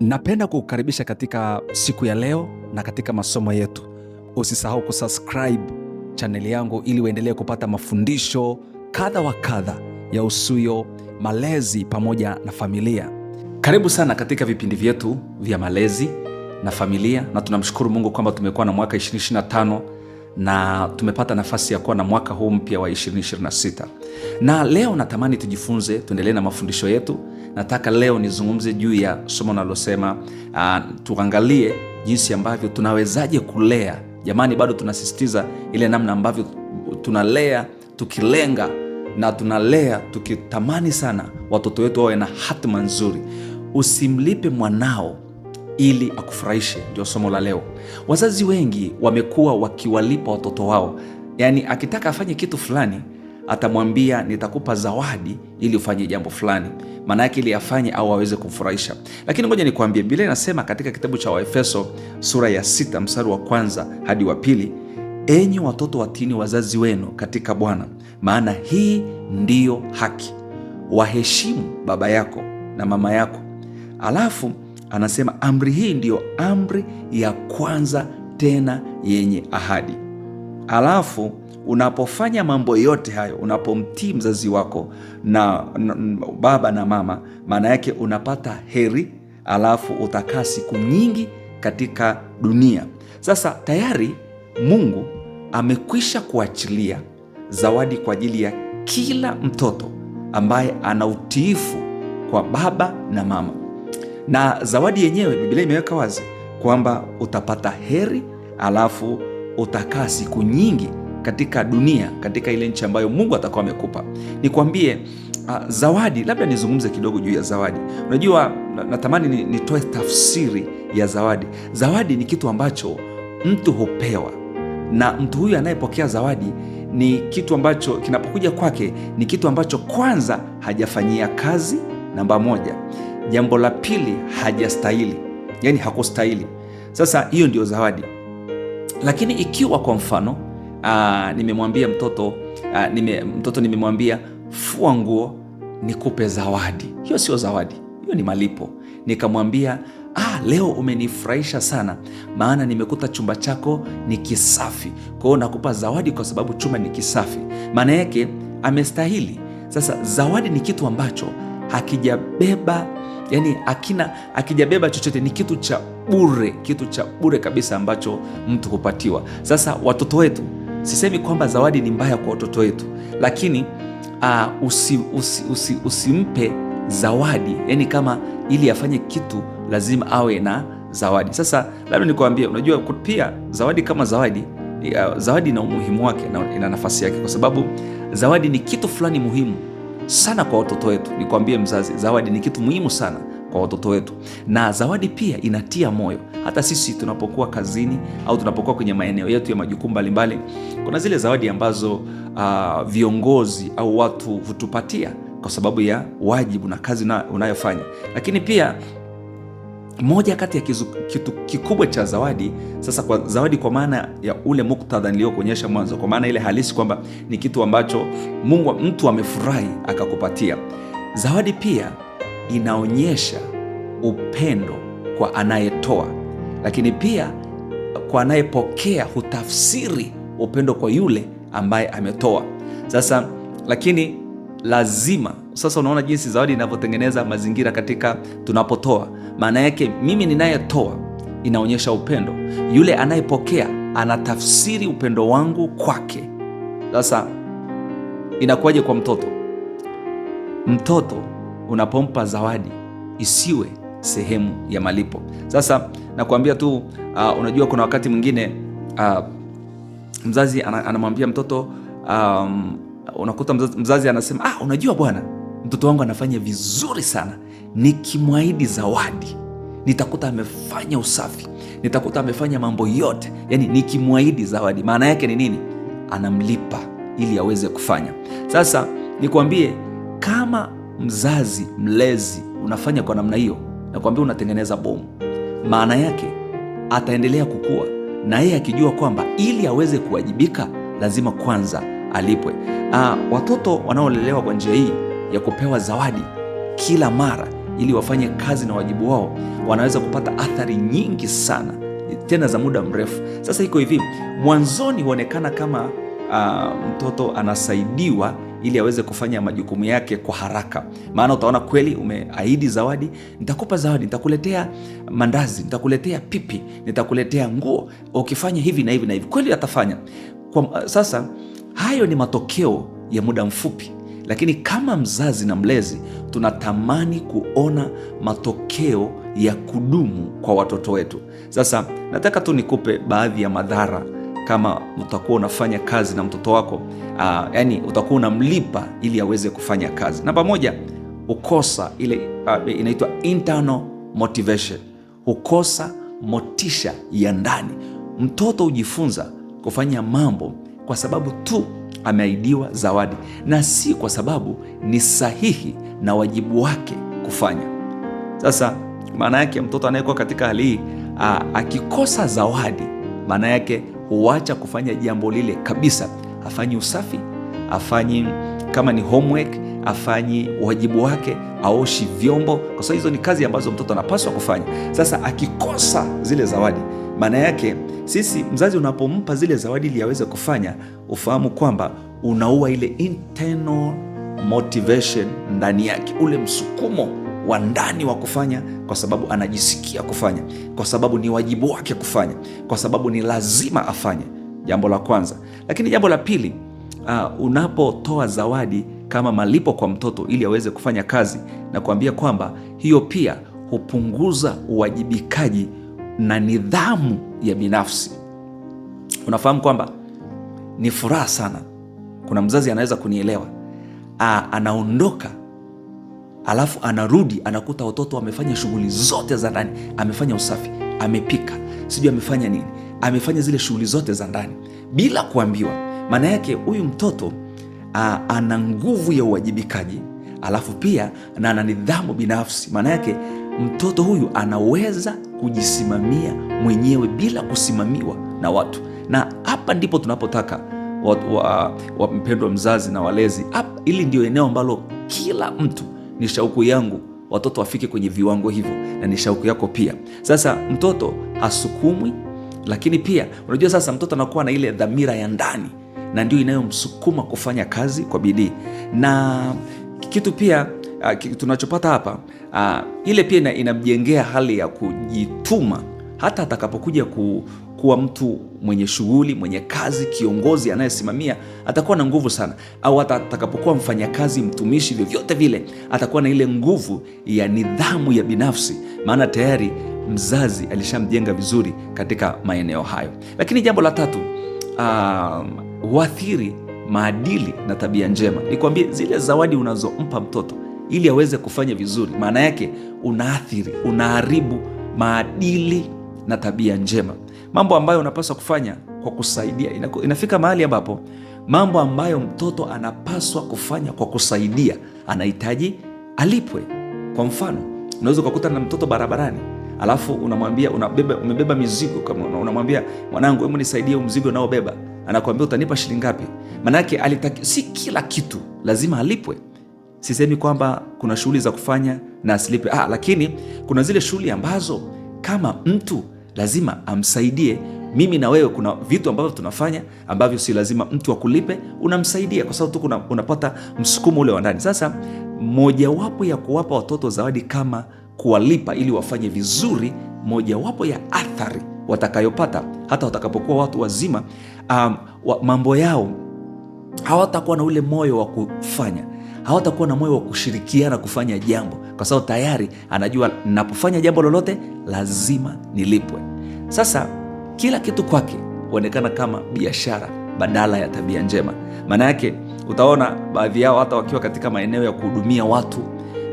Napenda kukukaribisha katika siku ya leo na katika masomo yetu. Usisahau kusubscribe chaneli yangu ili uendelee kupata mafundisho kadha wa kadha ya usuyo, malezi pamoja na familia. Karibu sana katika vipindi vyetu vya malezi na familia, na tunamshukuru Mungu kwamba tumekuwa na mwaka 2025 na tumepata nafasi ya kuwa na mwaka huu mpya wa 2026, na leo natamani tujifunze, tuendelee na mafundisho yetu nataka leo nizungumze juu ya somo nalosema, uh, tuangalie jinsi ambavyo tunawezaje kulea. Jamani, bado tunasisitiza ile namna ambavyo tunalea tukilenga na tunalea tukitamani sana watoto wetu wawe na hatima nzuri. Usimlipe mwanao ili akufurahishe, ndio somo la leo. Wazazi wengi wamekuwa wakiwalipa watoto wao, yaani akitaka afanye kitu fulani atamwambia nitakupa zawadi ili ufanye jambo fulani, maana yake ili afanye au aweze kumfurahisha. Lakini ngoja nikuambie, Biblia inasema katika kitabu cha Waefeso sura ya sita mstari wa kwanza hadi wa pili, enyi watoto watini wazazi wenu katika Bwana, maana hii ndiyo haki. Waheshimu baba yako na mama yako. Alafu anasema amri hii ndiyo amri ya kwanza tena yenye ahadi. Alafu Unapofanya mambo yote hayo, unapomtii mzazi wako na, baba na mama, maana yake unapata heri, alafu utakaa siku nyingi katika dunia. Sasa tayari Mungu amekwisha kuachilia zawadi kwa ajili ya kila mtoto ambaye ana utiifu kwa baba na mama, na zawadi yenyewe Biblia imeweka wazi kwamba utapata heri, alafu utakaa siku nyingi katika dunia, katika ile nchi ambayo Mungu atakuwa amekupa. Nikwambie uh, zawadi, labda nizungumze kidogo juu ya zawadi. Unajua, natamani nitoe tafsiri ya zawadi. Zawadi ni kitu ambacho mtu hupewa na mtu huyu anayepokea zawadi ni kitu ambacho kinapokuja kwake ni kitu ambacho kwanza hajafanyia kazi, namba moja. Jambo la pili, hajastahili, yani hakustahili. Sasa hiyo ndio zawadi. Lakini ikiwa kwa mfano uh, nimemwambia mtoto uh, nime, mtoto nimemwambia fua nguo nikupe zawadi. Hiyo sio zawadi, hiyo ni malipo. Nikamwambia ah, leo umenifurahisha sana, maana nimekuta chumba chako ni kisafi, kwa hiyo nakupa zawadi kwa sababu chumba ni kisafi. Maana yake amestahili. Sasa zawadi ni kitu ambacho hakijabeba yani akina akijabeba chochote, ni kitu cha bure, kitu cha bure kabisa ambacho mtu hupatiwa. Sasa watoto wetu Sisemi kwamba zawadi ni mbaya kwa watoto wetu, lakini uh, ah, usimpe usi, usi, usimpe zawadi yani kama ili afanye kitu lazima awe na zawadi. Sasa labda nikuambie, unajua pia zawadi kama zawadi uh, zawadi ina umuhimu wake na ina nafasi yake, kwa sababu zawadi ni kitu fulani muhimu sana kwa watoto wetu. nikuambie mzazi, zawadi ni kitu muhimu sana kwa watoto wetu, na zawadi pia inatia moyo. Hata sisi tunapokuwa kazini au tunapokuwa kwenye maeneo yetu ya majukumu mbalimbali, kuna zile zawadi ambazo uh, viongozi au watu hutupatia kwa sababu ya wajibu na kazi na unayofanya, lakini pia moja kati ya kizu, kitu kikubwa cha zawadi sasa, kwa zawadi kwa maana ya ule muktadha niliyokuonyesha mwanzo, kwa maana ile halisi kwamba ni kitu ambacho Mungu mtu amefurahi akakupatia zawadi pia inaonyesha upendo kwa anayetoa, lakini pia kwa anayepokea hutafsiri upendo kwa yule ambaye ametoa. Sasa lakini lazima sasa, unaona jinsi zawadi inavyotengeneza mazingira katika tunapotoa. Maana yake mimi ninayetoa inaonyesha upendo, yule anayepokea anatafsiri upendo wangu kwake. Sasa inakuwaje kwa mtoto? Mtoto unapompa zawadi isiwe sehemu ya malipo. Sasa nakuambia tu uh, unajua kuna wakati mwingine uh, mzazi anamwambia mtoto um, unakuta mzazi, mzazi anasema ah, unajua bwana, mtoto wangu anafanya vizuri sana, nikimwahidi zawadi nitakuta amefanya usafi, nitakuta amefanya mambo yote. Yani nikimwahidi zawadi, maana yake ni nini? Anamlipa ili aweze kufanya. Sasa nikuambie kama mzazi mlezi unafanya kwa namna hiyo, nakwambia unatengeneza bomu. Maana yake ataendelea kukua na yeye akijua kwamba ili aweze kuwajibika lazima kwanza alipwe. Aa, ah, watoto wanaolelewa kwa njia hii ya kupewa zawadi kila mara ili wafanye kazi na wajibu wao wanaweza kupata athari nyingi sana tena za muda mrefu. Sasa iko hivi, mwanzoni huonekana kama aa, ah, mtoto anasaidiwa ili aweze kufanya majukumu yake kwa haraka, maana utaona kweli umeahidi zawadi, nitakupa zawadi, nitakuletea mandazi, nitakuletea pipi, nitakuletea nguo, ukifanya hivi na hivi na hivi. Kweli atafanya kwa. Uh, sasa hayo ni matokeo ya muda mfupi, lakini kama mzazi na mlezi tunatamani kuona matokeo ya kudumu kwa watoto wetu. Sasa nataka tu nikupe baadhi ya madhara kama utakuwa unafanya kazi na mtoto wako uh, yani utakuwa unamlipa ili aweze kufanya kazi. Namba moja, hukosa ile uh, inaitwa internal motivation, hukosa motisha ya ndani. Mtoto hujifunza kufanya mambo kwa sababu tu ameahidiwa zawadi na si kwa sababu ni sahihi na wajibu wake kufanya. Sasa maana yake mtoto anayekuwa katika hali hii ah, akikosa zawadi, maana yake huacha kufanya jambo lile kabisa, afanyi usafi, afanyi kama ni homework, afanyi wajibu wake, aoshi vyombo, kwa sababu hizo ni kazi ambazo mtoto anapaswa kufanya. Sasa akikosa zile zawadi, maana yake sisi, mzazi unapompa zile zawadi ili aweze kufanya, ufahamu kwamba unaua ile internal motivation ndani yake, ule msukumo wa ndani wa kufanya, kwa sababu anajisikia kufanya, kwa sababu ni wajibu wake kufanya, kwa sababu ni lazima afanye. Jambo la kwanza. Lakini jambo la pili, uh, unapotoa zawadi kama malipo kwa mtoto ili aweze kufanya kazi, na kuambia kwamba hiyo pia hupunguza uwajibikaji na nidhamu ya binafsi. Unafahamu kwamba ni furaha sana, kuna mzazi anaweza kunielewa, ah, anaondoka alafu anarudi anakuta watoto amefanya shughuli zote za ndani, amefanya usafi, amepika, sijui amefanya nini, amefanya zile shughuli zote za ndani bila kuambiwa. Maana yake huyu mtoto a, ana nguvu ya uwajibikaji, alafu pia na ana nidhamu binafsi. Maana yake mtoto huyu anaweza kujisimamia mwenyewe bila kusimamiwa na watu, na hapa ndipo tunapotaka wa, wa, wa mpendwa mzazi na walezi hapa, ili ndio eneo ambalo kila mtu ni shauku yangu watoto wafike kwenye viwango hivyo, na ni shauku yako pia. Sasa mtoto hasukumwi, lakini pia unajua, sasa mtoto anakuwa na ile dhamira ya ndani, na ndio inayomsukuma kufanya kazi kwa bidii. Na kitu pia ah, tunachopata hapa, ah, ile pia inamjengea hali ya kujituma hata atakapokuja ku, kuwa mtu mwenye shughuli, mwenye kazi, kiongozi anayesimamia, atakuwa na nguvu sana, au hata atakapokuwa mfanyakazi, mtumishi, vyovyote vile, atakuwa na ile nguvu ya nidhamu ya binafsi, maana tayari mzazi alishamjenga vizuri katika maeneo hayo. Lakini jambo la tatu um, huathiri uh, maadili na tabia njema. Nikwambie, zile zawadi unazompa mtoto ili aweze kufanya vizuri, maana yake unaathiri, unaharibu maadili na tabia njema, mambo ambayo unapaswa kufanya kwa kusaidia. Inafika mahali ambapo mambo ambayo mtoto anapaswa kufanya kwa kusaidia anahitaji alipwe. Kwa mfano, unaweza ukakutana na mtoto barabarani alafu unamwambia unabeba, umebeba mizigo kama unamwambia mwanangu, hebu nisaidie mzigo unaobeba. Anakuambia utanipa shilingi ngapi? Maanake alitaki, si kila kitu lazima alipwe. Sisemi kwamba kuna shughuli za kufanya na asilipe. Ah, lakini kuna zile shughuli ambazo kama mtu lazima amsaidie. Mimi na wewe kuna vitu ambavyo tunafanya ambavyo si lazima mtu akulipe, unamsaidia kwa sababu tu kuna, unapata msukumo ule wa ndani. Sasa mojawapo ya kuwapa watoto zawadi kama kuwalipa ili wafanye vizuri, mojawapo ya athari watakayopata hata watakapokuwa watu wazima, um, wa, mambo yao hawatakuwa na ule moyo wa kufanya hawatakuwa na moyo wa kushirikiana kufanya jambo, kwa sababu tayari anajua napofanya jambo lolote lazima nilipwe. Sasa kila kitu kwake huonekana kama biashara badala ya tabia njema. Maana yake utaona baadhi yao hata wakiwa katika maeneo ya kuhudumia watu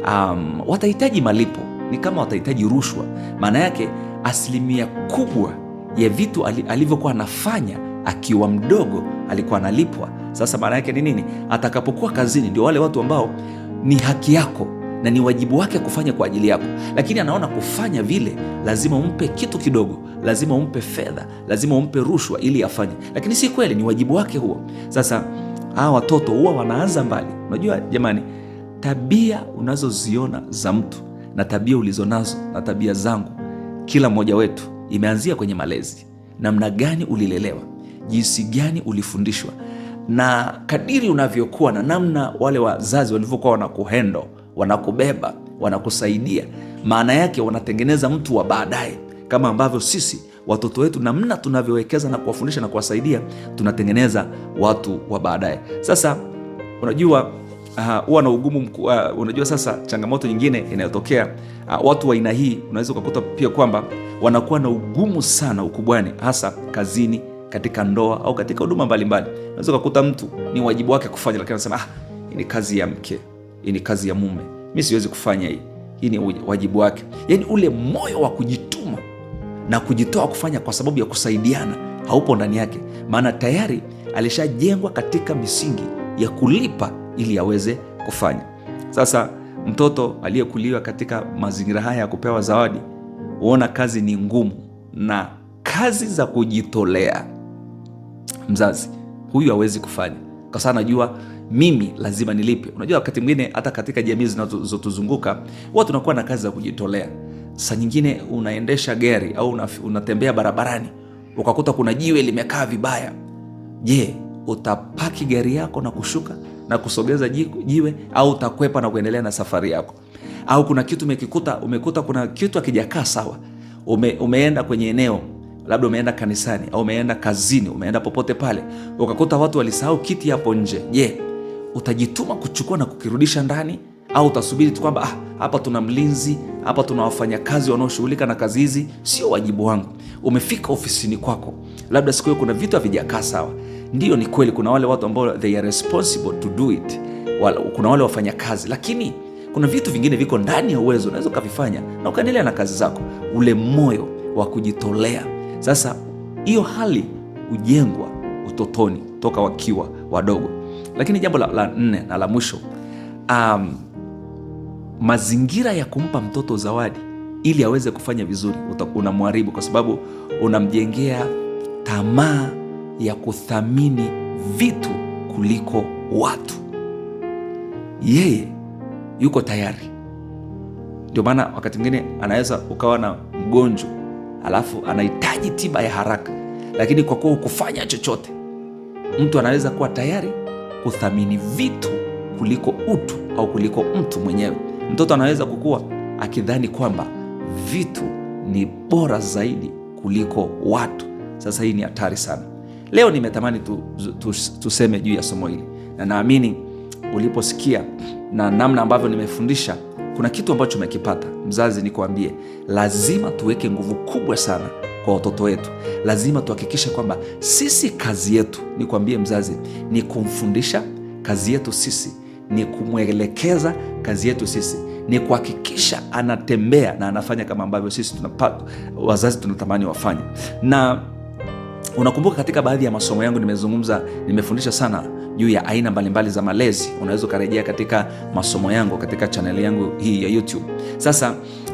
um, watahitaji malipo, ni kama watahitaji rushwa. Maana yake asilimia kubwa ya vitu alivyokuwa anafanya akiwa mdogo alikuwa analipwa sasa maana yake ni nini? Atakapokuwa kazini, ndio wale watu ambao ni haki yako na ni wajibu wake kufanya kwa ajili yako, lakini anaona kufanya vile lazima umpe kitu kidogo, lazima umpe fedha, lazima umpe rushwa ili afanye, lakini si kweli, ni wajibu wake huo. Sasa hawa watoto huwa wanaanza mbali. Unajua jamani, tabia unazoziona za mtu na tabia ulizonazo na tabia zangu, kila mmoja wetu imeanzia kwenye malezi, namna gani ulilelewa, jinsi gani ulifundishwa na kadiri unavyokuwa na namna wale wazazi walivyokuwa wanakuhendo, wanakubeba, wanakusaidia, maana yake wanatengeneza mtu wa baadaye, kama ambavyo sisi watoto wetu namna tunavyowekeza na kuwafundisha na kuwasaidia tunatengeneza watu wa baadaye. Sasa unajua ah, huwa uh, na ugumu mku, uh, unajua sasa changamoto nyingine inayotokea uh, watu wa aina hii unaweza ukakuta pia kwamba wanakuwa na ugumu sana ukubwani, hasa kazini katika ndoa au katika huduma mbalimbali. Unaweza ukakuta mtu ni wajibu wake kufanya, lakini anasema ah, hii ni kazi ya mke, hii ni kazi ya mume, mi siwezi kufanya hii, hii ni wajibu wake. Yaani ule moyo wa kujituma na kujitoa kufanya kwa sababu ya kusaidiana haupo ndani yake, maana tayari alishajengwa katika misingi ya kulipa ili aweze kufanya. Sasa mtoto aliyekuliwa katika mazingira haya ya kupewa zawadi huona kazi ni ngumu, na kazi za kujitolea mzazi, huyu hawezi kufanya kwa sababu anajua mimi lazima nilipe. Unajua, wakati mwingine hata katika jamii zinazotuzunguka huwa tunakuwa na kazi za kujitolea. Saa nyingine unaendesha gari au unatembea barabarani ukakuta kuna jiwe limekaa vibaya. Je, utapaki gari yako na kushuka na kusogeza jiwe au utakwepa na kuendelea na safari yako? Au kuna kitu umekikuta, umekuta kuna kitu hakijakaa sawa, ume, umeenda kwenye eneo labda umeenda kanisani au umeenda kazini, umeenda popote pale ukakuta watu walisahau kiti hapo nje, je, yeah. utajituma kuchukua na kukirudisha ndani au utasubiri tu kwamba ah, hapa tuna mlinzi, hapa tuna wafanyakazi wanaoshughulika na kazi hizi, sio wajibu wangu. Umefika ofisini kwako, labda siku hiyo kuna vitu havijakaa sawa. Ndiyo, ni kweli, kuna wale watu ambao they are responsible to do it, kuna wale wafanyakazi, lakini kuna vitu vingine viko ndani ya uwezo, unaweza ukavifanya na ukaendelea na kazi zako. Ule moyo wa kujitolea sasa hiyo hali hujengwa utotoni toka wakiwa wadogo. Lakini jambo la, la nne na la mwisho um, mazingira ya kumpa mtoto zawadi ili aweze kufanya vizuri unamharibu, kwa sababu unamjengea tamaa ya kuthamini vitu kuliko watu. Yeye yuko tayari, ndio maana wakati mwingine anaweza ukawa na mgonjwa alafu anahitaji tiba ya haraka, lakini kwa kuwa hukufanya chochote, mtu anaweza kuwa tayari kuthamini vitu kuliko utu au kuliko mtu mwenyewe. Mtoto anaweza kukua akidhani kwamba vitu ni bora zaidi kuliko watu. Sasa hii ni hatari sana. Leo nimetamani tu, tu, tuseme juu ya somo hili, na naamini uliposikia na namna ambavyo nimefundisha kuna kitu ambacho umekipata mzazi, nikuambie, lazima tuweke nguvu kubwa sana kwa watoto wetu. Lazima tuhakikishe kwamba sisi kazi yetu, nikuambie mzazi, ni kumfundisha. Kazi yetu sisi ni kumwelekeza. Kazi yetu sisi ni kuhakikisha anatembea na anafanya kama ambavyo sisi tunapata, wazazi tunatamani wafanye na Unakumbuka katika baadhi ya masomo yangu nimezungumza, nimefundisha sana juu ya aina mbalimbali za malezi. Unaweza ukarejea katika masomo yangu katika chaneli yangu hii ya YouTube. Sasa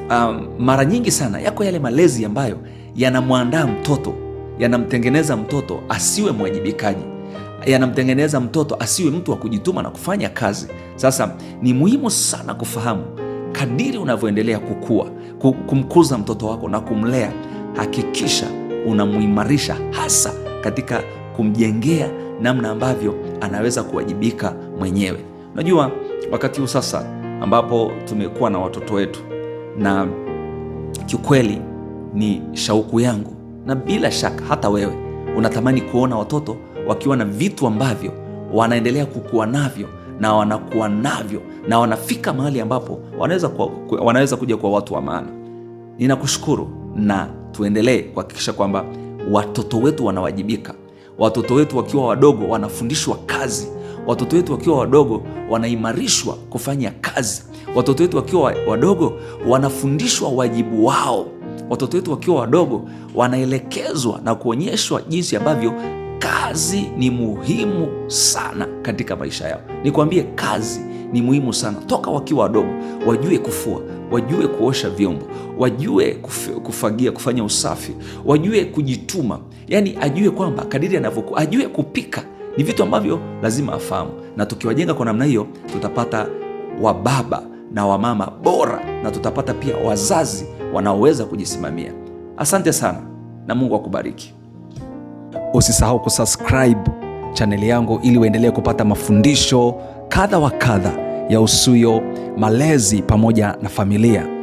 um, mara nyingi sana yako yale malezi ambayo yanamwandaa mtoto, yanamtengeneza mtoto asiwe mwajibikaji, yanamtengeneza mtoto asiwe mtu wa kujituma na kufanya kazi. Sasa ni muhimu sana kufahamu, kadiri unavyoendelea kukua, kumkuza mtoto wako na kumlea, hakikisha unamuimarisha hasa katika kumjengea namna ambavyo anaweza kuwajibika mwenyewe. Unajua, wakati huu sasa ambapo tumekuwa na watoto wetu, na kiukweli ni shauku yangu na bila shaka hata wewe unatamani kuona watoto wakiwa na vitu ambavyo wanaendelea kukua navyo na wanakuwa navyo na wanafika mahali ambapo wanaweza, kwa, wanaweza kuja kwa watu wa maana. Ninakushukuru na tuendelee kuhakikisha kwamba watoto wetu wanawajibika. Watoto wetu wakiwa wadogo wanafundishwa kazi. Watoto wetu wakiwa wadogo wanaimarishwa kufanya kazi. Watoto wetu wakiwa wadogo wanafundishwa wajibu wao. Watoto wetu wakiwa wadogo wanaelekezwa na kuonyeshwa jinsi ambavyo kazi ni muhimu sana katika maisha yao. Nikwambie, kazi ni muhimu sana toka wakiwa wadogo, wajue kufua, wajue kuosha vyombo, wajue kuf, kufagia, kufanya usafi, wajue kujituma, yani ajue kwamba kadiri anavyoku ajue kupika. Ni vitu ambavyo lazima afahamu, na tukiwajenga kwa namna hiyo tutapata wababa na wamama bora, na tutapata pia wazazi wanaoweza kujisimamia. Asante sana na Mungu akubariki. Usisahau kusubscribe chaneli yangu ili uendelee kupata mafundisho kadha wa kadha yahusuyo malezi pamoja na familia.